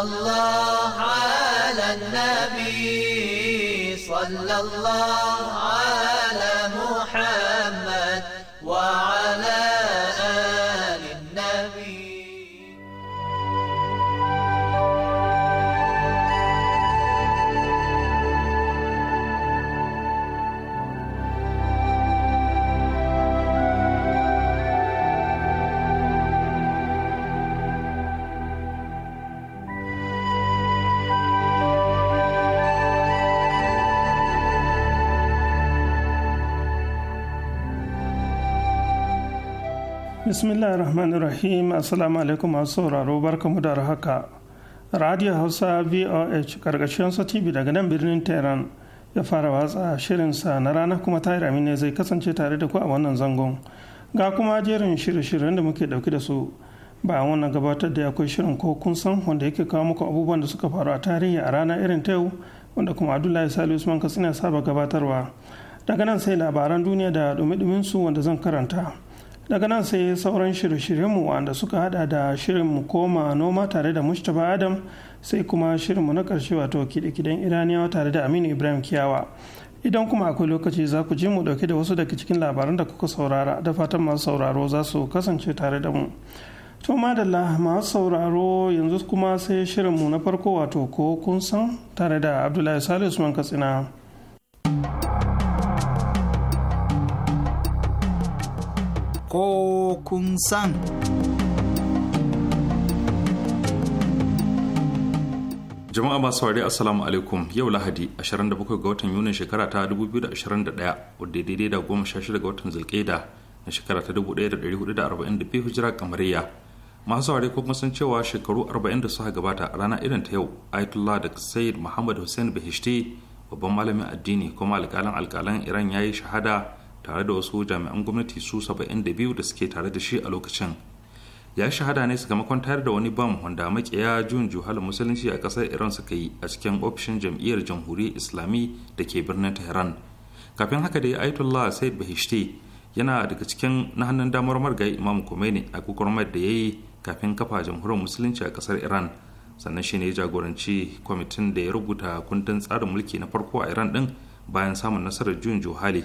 الله على النبي صلى الله عليه bismillah rahman rahim assalamu alaikum masu sauraro barkamu da haka radio hausa voh karkashin sa tv daga nan birnin tehran ya fara watsa shirinsa na rana kuma tahir amina zai kasance tare da ku a wannan zangon ga kuma jerin shirye-shiryen da muke dauki da su bayan wannan gabatar da akwai shirin ko kun san wanda yake kawo muku abubuwan da suka faru a tarihi a rana irin ta yau wanda kuma abdullahi sali usman katsina saba gabatarwa daga nan sai labaran duniya da dumi-duminsu wanda zan karanta daga nan sai sauran shirye-shiryenmu wanda suka hada da shirinmu koma noma tare da mustapha adam sai kuma shirinmu na karshe wato kide-kiden iraniyawa tare da aminu ibrahim kiyawa idan kuma akwai lokaci za ku ji mu dauke da wasu daga cikin labaran da kuka saurara da fatan masu sauraro za su kasance tare da mu to madalla masu sauraro yanzu kuma sai shirinmu na farko wato ko kun san tare da abdullahi salisu usman katsina ko kun san. Jama'a masu wari Assalamu alaikum yau Lahadi 27 ga watan Yunin shekara ta 2021 wadda daidai da 16 ga watan Zulkeda na shekara ta 1442 hijira kamariya. Masu saurari kuma sun cewa shekaru 40 da suka gabata a rana irin ta yau Ayatollah da Sayyid Muhammad Hussein Bahishti babban malamin addini kuma alƙalan alƙalan Iran ya yi shahada tare da wasu jami'an gwamnati su 72 da suke tare da shi a lokacin ya shahada ne sakamakon tayar da wani bam wanda makiya jun juhal musulunci a kasar iran suka yi a cikin ofishin jam'iyyar jamhuriyar islami da ke birnin tehran kafin haka dai ayatollah said bahishti yana daga cikin na hannun damar margayi imam khomeini a gwagwarmar da ya yi kafin kafa jamhuriyar musulunci a kasar iran sannan shi ne ya jagoranci kwamitin da ya rubuta kundin tsarin mulki na farko a iran din bayan samun nasarar jun juhali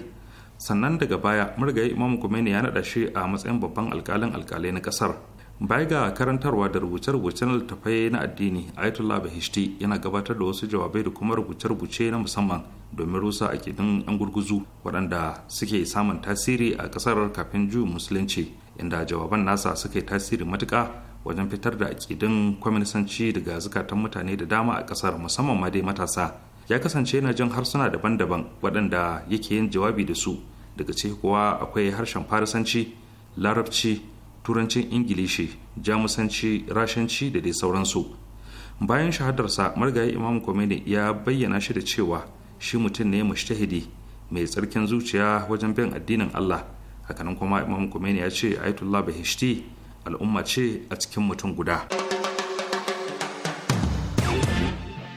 sannan daga baya murgaye imam Khomeini ya naɗa shi a matsayin babban alkalin alkalai na kasar. baya ga karantarwa da rubuce-rubucen littattafai na addini ayatollah bahishti yana gabatar da wasu jawabai da kuma rubuce-rubuce na musamman domin rusa a kidan yan gurguzu waɗanda suke samun tasiri a ƙasar kafin juyin musulunci inda jawaban nasa suka yi tasiri matuƙa wajen fitar da aƙidin kwaminisanci daga zukatan mutane da dama a ƙasar musamman ma dai matasa ya kasance yana jin harsuna daban-daban waɗanda yake yin jawabi da su daga ciki kuwa akwai harshen farisanci larabci turancin ingilishi jamusanci rashanci da dai sauransu bayan shahadarsa marigayi imam Khomeini ya bayyana shi da cewa shi mutum ne mushtahidi mai tsarkin zuciya wajen bin addinin allah hakanan kuma imam Khomeini ya ce ayatollah bahishti al'umma ce a cikin mutum guda.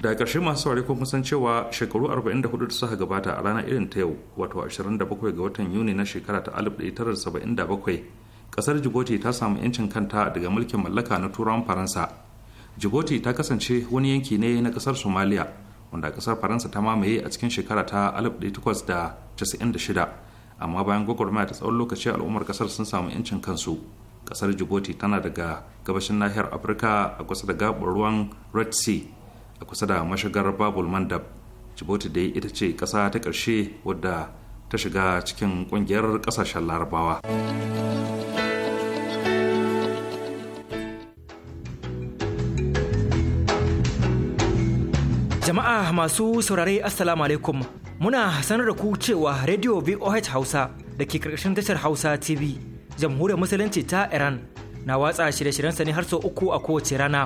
da ƙarshe masu saurari kun san cewa shekaru 44 da suka gabata a ranar irin ta yau wato 27 ga watan yuni na shekara ta 1977 kasar jiboti ta samu 'yancin kanta daga mulkin mallaka na turawan faransa jiboti ta kasance wani yanki ne na kasar somaliya wanda kasar faransa ta mamaye a cikin shekara ta 1896 amma bayan gwagwarmaya ta tsawon lokaci al'ummar kasar sun samu 'yancin kansu kasar jiboti tana daga gabashin nahiyar afirka a kusa da gabar ruwan red sea a kusa da mashigar babul mandab djibouti dai ita ce ƙasa ta ƙarshe wadda ta shiga cikin ƙungiyar ƙasashen larabawa jama'a masu saurare assalamu alaikum muna sanar da ku cewa radio voh hausa da ke karkashin tashar hausa tv jamhuriyar musulunci ta iran na watsa shirye shiryen ne har sau uku a kowace rana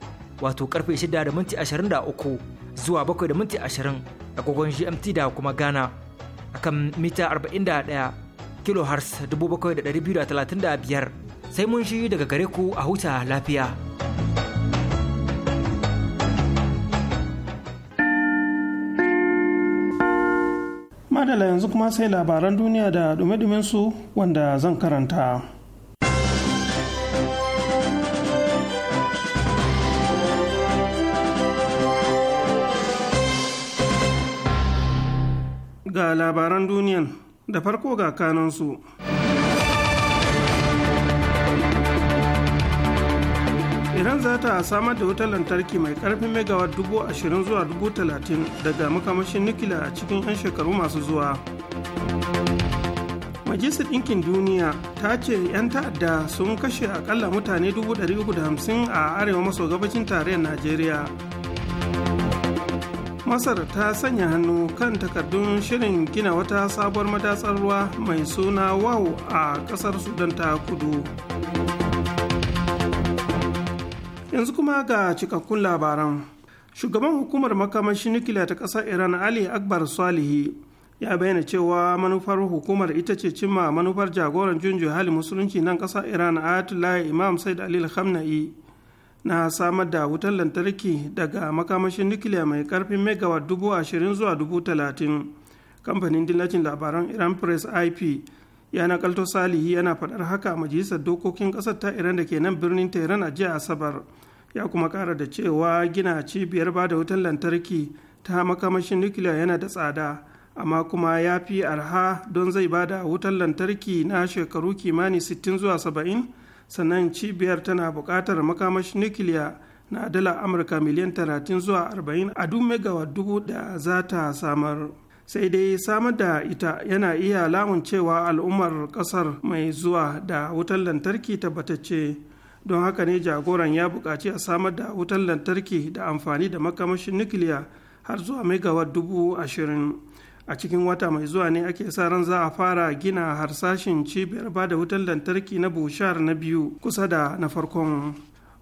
wato karfe 6 da minti 23 zuwa 7 da minti 20 agogon GMT da kuma Ghana akan mita 41 kilohertz 7,235 sai mun shi daga gare ku a huta lafiya. Madala yanzu kuma sai labaran duniya da dume su wanda zan karanta. ga labaran duniyan da farko ga kanansu. Iran za ta samar da wutar lantarki mai karfin megawatt dubu ashirin zuwa dubu talatin daga makamashin nukila a cikin 'yan shekaru masu zuwa. Majalisar Ɗinkin Duniya ta ce 'yan ta'adda sun kashe akalla mutane 350 a arewa maso gabacin tarayyar Najeriya masar ta sanya hannu kan takardun shirin gina wata sabuwar madatsar ruwa mai suna Wau a kasar sudan ta kudu yanzu kuma ga cikakkun labaran shugaban hukumar makamashi nukiliya ta ƙasar iran ali akbar salihi ya bayyana cewa manufar hukumar ita ce cimma manufar jagoran junjo hali musulunci nan ƙasar iran ayatollah imam said alil khamna'i na samar da wutar lantarki daga makamashin nukiliya mai karfin megawatt dubu ashirin zuwa dubu talatin kamfanin dillacin labaran iran press ip ya nakalto salihi yana faɗar haka majalisar dokokin ƙasar ta iran da ke nan birnin tehran a jiya asabar ya kuma ƙara da cewa gina cibiyar ba da wutar lantarki ta makamashin nukiliya yana da tsada amma kuma ya fi arha don zai ba da wutar lantarki na shekaru kimanin 60 zuwa 70 sannan cibiyar tana buƙatar makamashin nukiliya na dala amurka miliyan 30 zuwa 40 a duk megawatt dubu da za ta samar sai dai samar da ita yana iya lamuncewa al'ummar ƙasar mai zuwa da wutar lantarki tabbatacce don haka ne jagoran ya buƙaci a samar da wutar lantarki da amfani da makamashin nukiliya har zuwa megawatt dubu ashirin a cikin wata mai zuwa ne ake sa ran za a fara gina harsashin cibiyar ba da wutar lantarki na bushar na biyu kusa da na farkon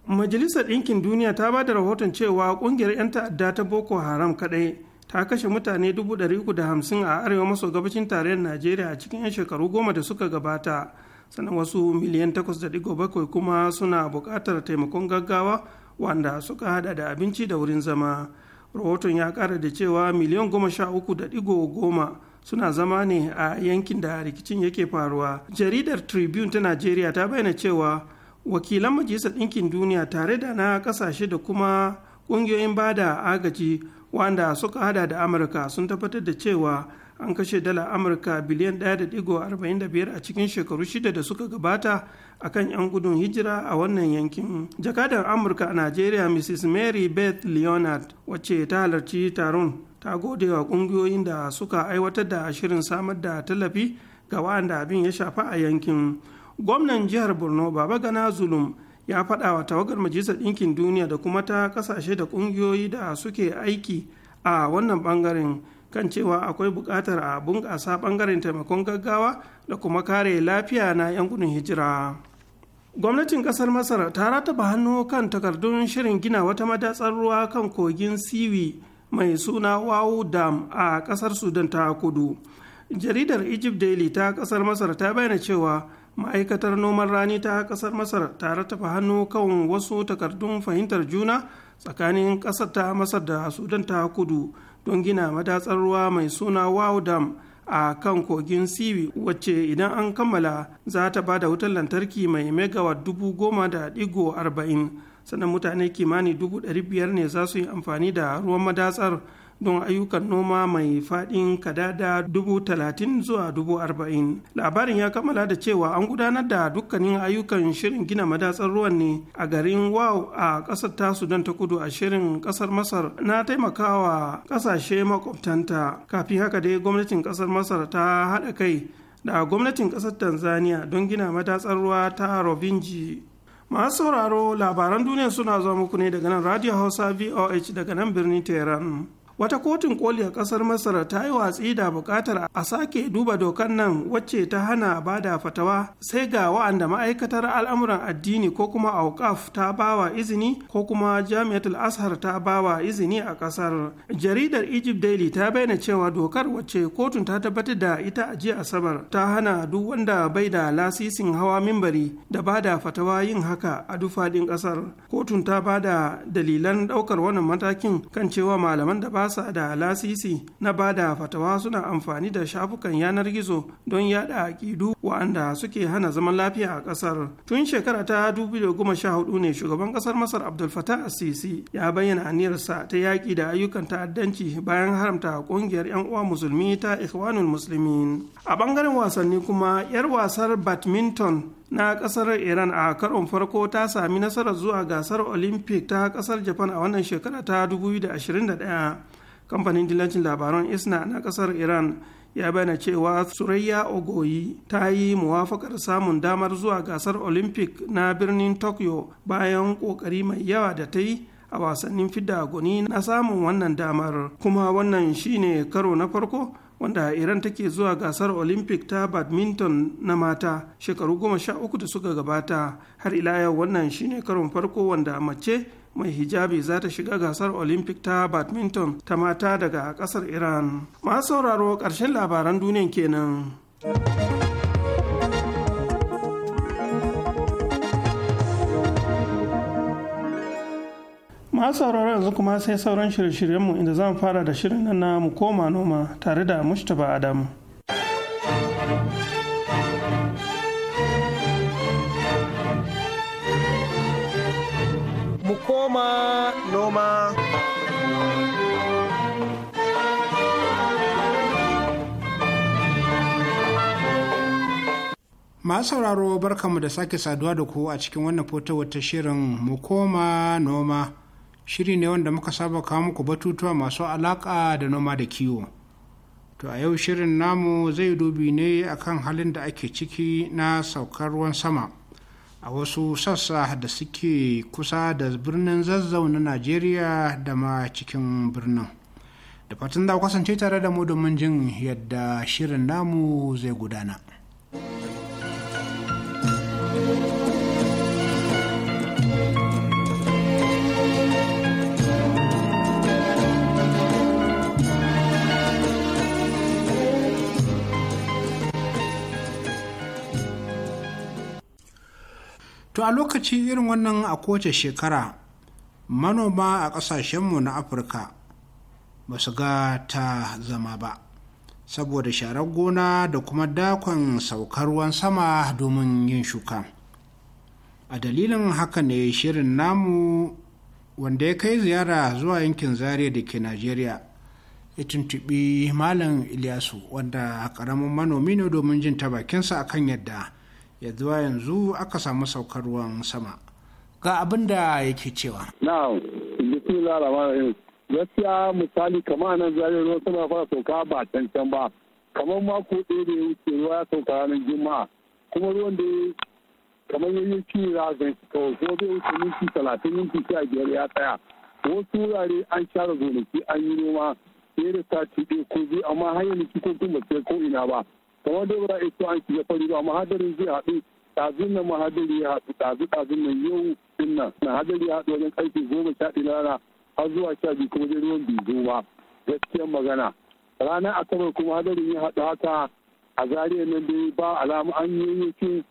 majalisar ɗinkin duniya ta ba da rahoton cewa ƙungiyar 'yan ta'adda ta boko haram kaɗai ta kashe mutane 350 a arewa maso gabashin tarayyar najeriya a cikin 'yan shekaru goma da suka gabata sannan wasu miliyan 8.7 kuma suna buƙatar taimakon gaggawa wanda suka hada da abinci da wurin zama rahoton ya kara da cewa miliyan goma sha uku da digo goma suna zama ne a yankin da rikicin yake faruwa jaridar tribune ta najeriya ta bayyana cewa wakilan majalisar ɗinkin duniya tare da na ƙasashe da kuma ƙungiyoyin bada agaji wanda suka hada da amurka sun tabbatar da cewa an kashe dala amurka biliyan 1.45 a cikin shekaru shida da suka gabata a kan 'yan gudun hijira a wannan yankin jakadar amurka a nigeria mrs mary beth leonard wacce ta halarci taron ta gode wa kungiyoyin da suka aiwatar da shirin samar da tallafi ga waɗanda abin ya shafa a yankin gwamnan jihar borno baba gana zulum ya faɗa wa tawagar majalisar ɗinkin duniya da kuma ta ƙasashe da ƙungiyoyi da suke aiki a wannan bangaren. kan cewa akwai buƙatar a bunƙasa ɓangaren taimakon gaggawa da kuma kare lafiya na 'yan gudun hijira gwamnatin ƙasar masar ta rataba hannu kan takardun shirin gina wata madatsar ruwa kan kogin siwi mai suna wawu dam a ƙasar sudan ta kudu jaridar egypt daily ta ƙasar masar ta bayyana cewa ma'aikatar noman rani ta ƙasar masar ta rataba hannu kan wasu takardun fahimtar juna tsakanin ƙasar ta masar da sudan ta kudu don gina matatsar ruwa mai suna wow a kan kogin siwi wacce idan an kammala za ta ba da wutar lantarki mai megawatt dubu goma da digo arba'in sannan mutane kimanin dubu ɗari biyar ne za su yi amfani da ruwan madatsar don ayyukan noma mai faɗin kadada dubu talatin zuwa dubu arba'in labarin ya kammala da cewa an gudanar da dukkanin ayyukan shirin gina madatsar ruwan ne a garin wow a ƙasar ta sudan ta kudu a shirin ƙasar masar na taimakawa ƙasashe makwabtanta kafin haka dai gwamnatin ƙasar masar ta haɗa kai da gwamnatin ƙasar tanzania don gina madatsar ruwa ta rovinji masu sauraro labaran duniya suna zuwa muku ne daga nan radio hausa voh daga nan birnin tehran wata kotun koli a kasar masar ta yi watsi da bukatar a sake duba dokan nan wacce ta hana ba da fatawa sai ga wa'anda ma'aikatar al'amuran addini ko kuma auƙaf ta bawa izini ko kuma jami'atul ashar ta bawa izini a kasar jaridar egypt daily ta bayyana cewa dokar wacce kotun ta tabbatar da ita a jiya asabar ta hana duk wanda bai da lasisin hawa mimbari da ba da fatawa yin haka a duk faɗin kasar kotun ta ba da dalilan ɗaukar wannan matakin kan cewa malaman da ba kasa da lasisi na bada fatawa suna amfani da shafukan yanar gizo don yada aƙidu wa'anda suke hana zaman lafiya a ƙasar tun shekara ta 2014 ne shugaban ƙasar masar abdul fatah Sisi ya bayyana aniyarsa ta yaƙi da ayyukan ta'addanci bayan haramta ƙungiyar 'yan uwa musulmi ta ikhwanul muslimin a ɓangaren wasanni kuma 'yar wasar badminton na kasar iran a karon farko ta sami nasarar zuwa gasar olympic ta kasar japan a wannan shekara ta 2021 kamfanin dillancin labaran isna na kasar iran ya bayyana cewa surayya ogoyi ta yi muwafakar samun damar zuwa gasar olympic na birnin tokyo bayan kokari mai yawa da ta yi a wasannin fidda goni na samun wannan damar kuma wannan shine karo na farko wanda iran take zuwa gasar olympic ta badminton na mata shekaru goma sha uku da suka gabata har ila yau wannan shine karon farko wanda mace mai hijabi za ta shiga gasar olympic ta badminton ta mata daga kasar iran masu sauraro ƙarshen labaran duniyan kenan masu sauraro yanzu kuma sai sauran shirye-shiryenmu inda zan fara da shirin na mu koma noma tare da mustapha adamu noma noma masu sauraro barkanmu da sake saduwa da ku a cikin wannan fotowar ta shirin mu koma noma shiri ne wanda muka saba kawo muku batutuwa masu alaka da noma da kiwo to a yau shirin namu zai dubi ne akan halin da ake ciki na saukar ruwan sama a wasu sassa da suke kusa da birnin zazzau na najeriya da ma cikin birnin da fatan da kasance tare da mu domin jin yadda shirin namu zai gudana to a lokaci irin wannan a kowace shekara manoma a ƙasashenmu na afirka ba su ga ta zama ba saboda sharar gona da kuma dakon saukar ruwan sama domin yin shuka a dalilin haka ne shirin namu wanda ya kai ziyara zuwa yankin zaria da ke najeriya ya tuntubi malam Ilyasu, wanda ƙaramin manomi ne domin jin ta bakinsa akan yadda ya zuwa yanzu aka samu saukar ruwan sama ga abin da yake cewa gaskiya misali kamar nan zai ruwan sama fara sauka ba cancan ba kamar mako ɗaya da ya wuce ruwa ya sauka ranar juma'a kuma ruwan da kamar yayi ci za ga kawai ko zai wuce minti talatin minti sha biyar ya tsaya wasu wurare an share gonaki an yi noma fiye da sati ɗaya ko biyu amma har ko kikokin ba sai ko ina ba kamar dai ba ita an shiga fari ba mahadarin zai haɗu ɗazun nan mahadari ya haɗu ɗazu ɗazun nan yau din nan na hadari ya haɗu wajen ƙarfe goma sha ɗaya rana har zuwa sha biyu kuma dai ruwan biyu zo ba magana ranar asabar kuma hadarin ya haɗu haka a zariyar nan dai ba alamu an yi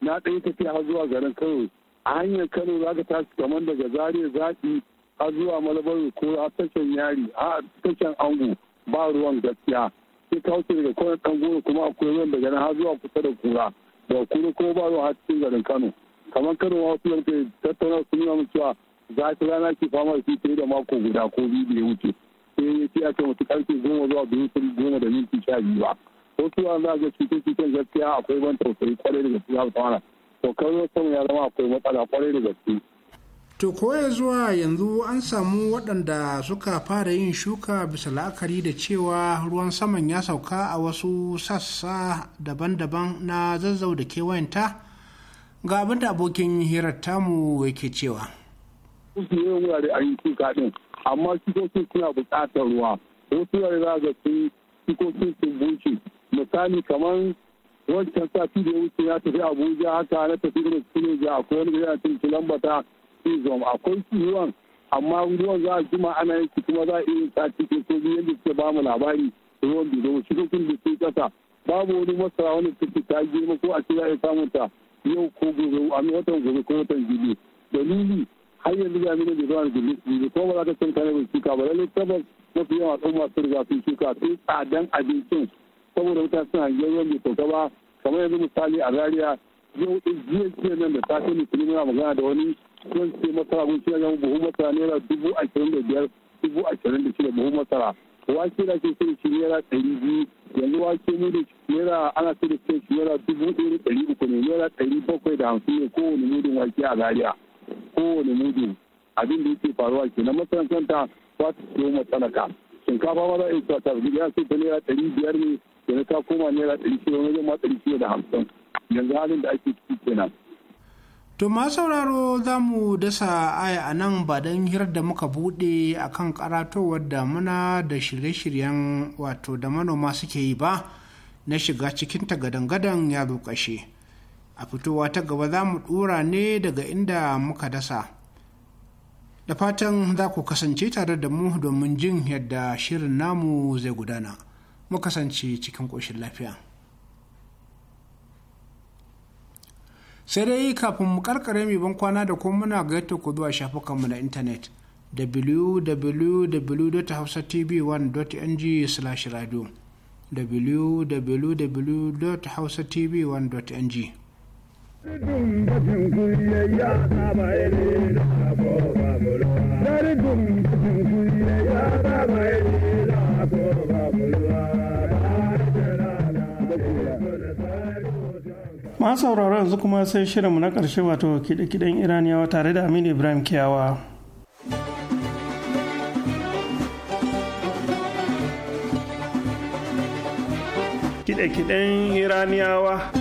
na ɗaya tafiya har zuwa garin kano a hanyar kano za ka tashi kamar daga zariyar zaɓi har zuwa malabar ko a tashan yari a tashan ango ba ruwan gaskiya sun ka wuce daga kwanan ɗan goro kuma akwai ruwan daga nan har zuwa kusa da kura da kura kuma ba zuwa har cikin garin kano kamar kano ma wasu yanke tattauna su nuna mutuwa cewa za a rana ke fama da shi sai da mako guda ko biyu da wuce sai ya ce ake mutu karfe goma zuwa biyu sun goma da minti sha biyu ba wasu yawan za a ga cikin cikin gaskiya akwai ban tausayi kwarai da gaske ya fara to kawai wasu ya zama akwai matsala kwarai da gaske to koya zuwa yanzu an samu waɗanda suka fara yin shuka bisa la'akari da cewa ruwan saman ya sauka a wasu sassa daban-daban na zazzau da kewayenta ga abin da abokin hirar tamu yake cewa wurare a yi shuka ɗin amma shukokin suna buƙatar ruwa wasu wurare za ga sun shukokin sun bushe misali kamar wancan sati da ya wuce ya tafi abuja haka na tafi da sune ga akwai wani gari a cikin lambata izom akwai ruwan amma ruwan za a jima ana yanki kuma za a iya sa cikin soji yadda suke ba mu labari ruwan da zama cikin da su kasa babu wani masara wani suke ta girma ko a ce za a samun ta yau ko gobe a watan gobe ko watan jibi dalili har yanzu ga mini da zuwa da jibi ko ba za ka san kare mai shuka ba lallai tabbas mafi yawan al'umma sun riga sun shuka sai tsadan abincin saboda mutane suna yawan mai sauka ba kamar yanzu misali a zaria yau jiya nan da safe musulmi muna magana da wani zan ce masara mun ce yan buhu masara naira dubu ashirin da biyar dubu ashirin da shida buhu masara wake na ke sai shi naira ɗari biyu yanzu wake ne da naira ana sai da shi naira dubu ɗaya da ɗari uku ne naira ɗari bakwai da hamsin ne kowane mudun wake a zaria kowane mudun abin da yake faruwa ke na masana'anta ba ta siyo matsalaka shinkafa ma za a yi ta tarbi ya sai ta naira ɗari biyar ne yanzu ta koma naira ɗari shida wani zama ɗari shida da hamsin yanzu halin da ake ciki kenan To ma sauraro za mu dasa aya a nan ba don hirar da muka buɗe a kan karatowar muna da shirye-shiryen wato da manoma suke yi ba na shiga cikin tagadangadan, ya zo ƙashe. A fitowa ta gaba za mu ɗora ne daga inda muka dasa. Da fatan za ku kasance tare da mu domin jin yadda shirin namu zai gudana. Mu kasance cikin ƙoshin lafiya. sai dai kafin mu karkare mai ban kwana da kuma muna gayyata ku zuwa shafukanmu na intanet www.hausatv1.ng/radio www.hausatv1.ng Daridun bajin kuliyayya na baye ne na ko ba Ma sauraro yanzu kuma sai shirin mu na ƙarshe wato kiɗe-kiɗen iraniyawa tare da aminu ibrahim kiyawa kiɗe-kiɗen iraniyawa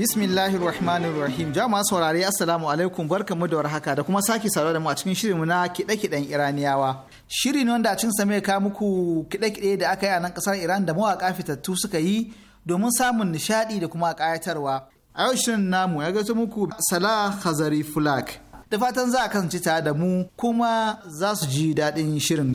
Bismillahir Rahmanir Rahim. Jama'a saurare Assalamu alaikum barka mu da warhaka da kuma sake saurare da mu a cikin mu na kiɗe-kiɗen Iraniyawa. Shiri ne wanda a cikin mai ka muku kiɗe-kiɗe da aka yi a nan kasar Iran da mawaka fitattu suka yi domin samun nishadi da kuma kayatarwa. A yau shirin namu ya ga muku Salah Khazari Fulak. Da fatan za a kasance tare da mu kuma za su ji daɗin shirin.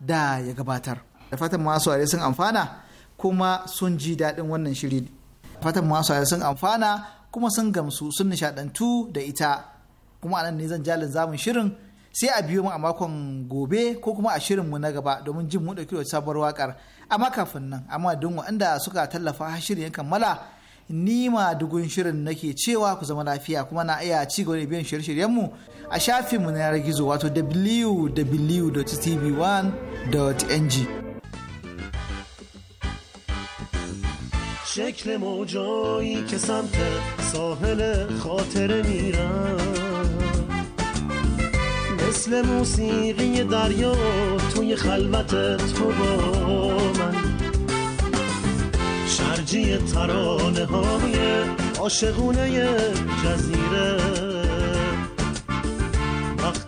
da ya gabatar da fatan masu sun amfana kuma sun ji daɗin wannan shiri fatan masu sun amfana kuma sun gamsu sun nishaɗantu da ita kuma anan ne zan jalin zamun shirin sai a biyo mu a makon gobe ko kuma a mu na gaba domin jin mu dauki da sabuwar wakar amma kafin nan amma don waɗanda suka tallafa shirin ya kammala ni ma dugun shirin nake cewa ku zama lafiya kuma na iya ci gaba da biyan shirye-shiryenmu a shafinmu na yanar gizo wato www.tv1.ng شکل موجایی که سمت ساحل خاطر میرم مثل موسیقی دریا توی خلوت تو با من شرجی ترانه های عاشقونه جزیره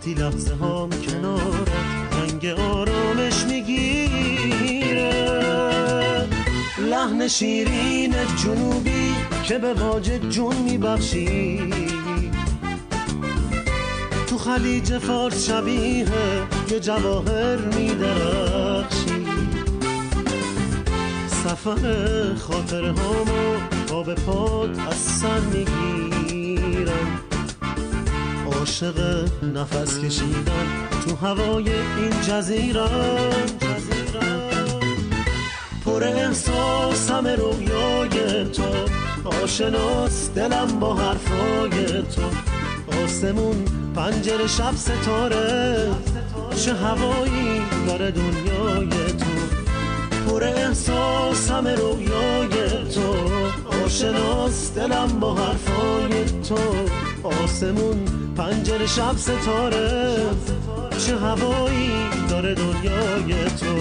وقتی لحظه هام کنارت رنگ آرامش میگیره لحن شیرین جنوبی که به واجد جون میبخشی تو خلیج فارس شبیه یه جواهر میدرخشی سفر خاطر هامو با به پاد از سر عاشق نفس کشیدن تو هوای این جزیره پر احساس همه رویای تو آشناس دلم با حرفای تو آسمون پنجره شب ستاره چه هوایی داره دنیای تو پر احساس همه رویای تو آشناس دلم با حرفای تو آسمون پنجره شب ستاره چه هوایی داره دنیای تو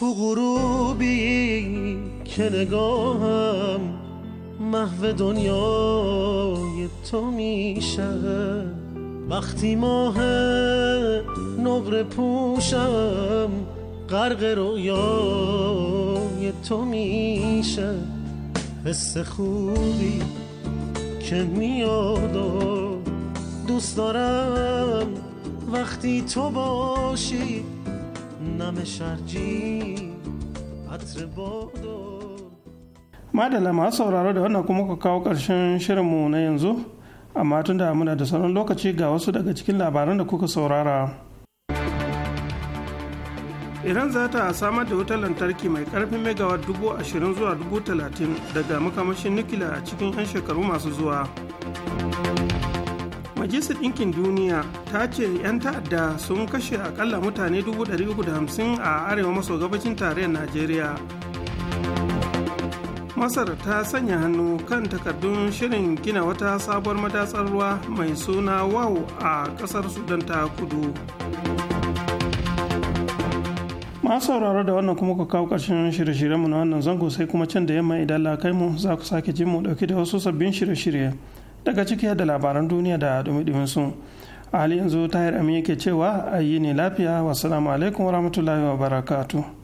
تو غروبی که نگاهم محو دنیای تو میشه وقتی ماه نقر پوشم غرق رویای تو میشه حس خوبی که میاد دوست دارم وقتی تو باشی madala masu sauraro da wannan kuma ka kawo ƙarshen shirinmu na yanzu amma tun da muna da sauran lokaci ga wasu daga cikin labaran da kuka saurara iran za ta samar da wutar lantarki mai karfin megawatt dubu ashirin zuwa dubu talatin daga makamashin nukila a cikin 'yan shekaru masu zuwa majalisar ɗinkin duniya ta ce 'yan ta'adda sun kashe akalla mutane 350 a arewa maso gabashin tarayyar najeriya masar ta sanya hannu kan takardun shirin gina wata sabuwar madatsar ruwa mai suna wow a ƙasar sudan ta kudu masu sauraro da wannan kuma ku kawo ƙarshen shirye-shiryenmu na wannan zango sai kuma can da yamma idan la kai mu za ku sake jin mu dauke da wasu sabbin shirye-shirye daga ciki da labaran duniya da dumi su a hali yanzu tahir amin yake cewa ayi ne lafiya wasu alaikum wa wabarakatuh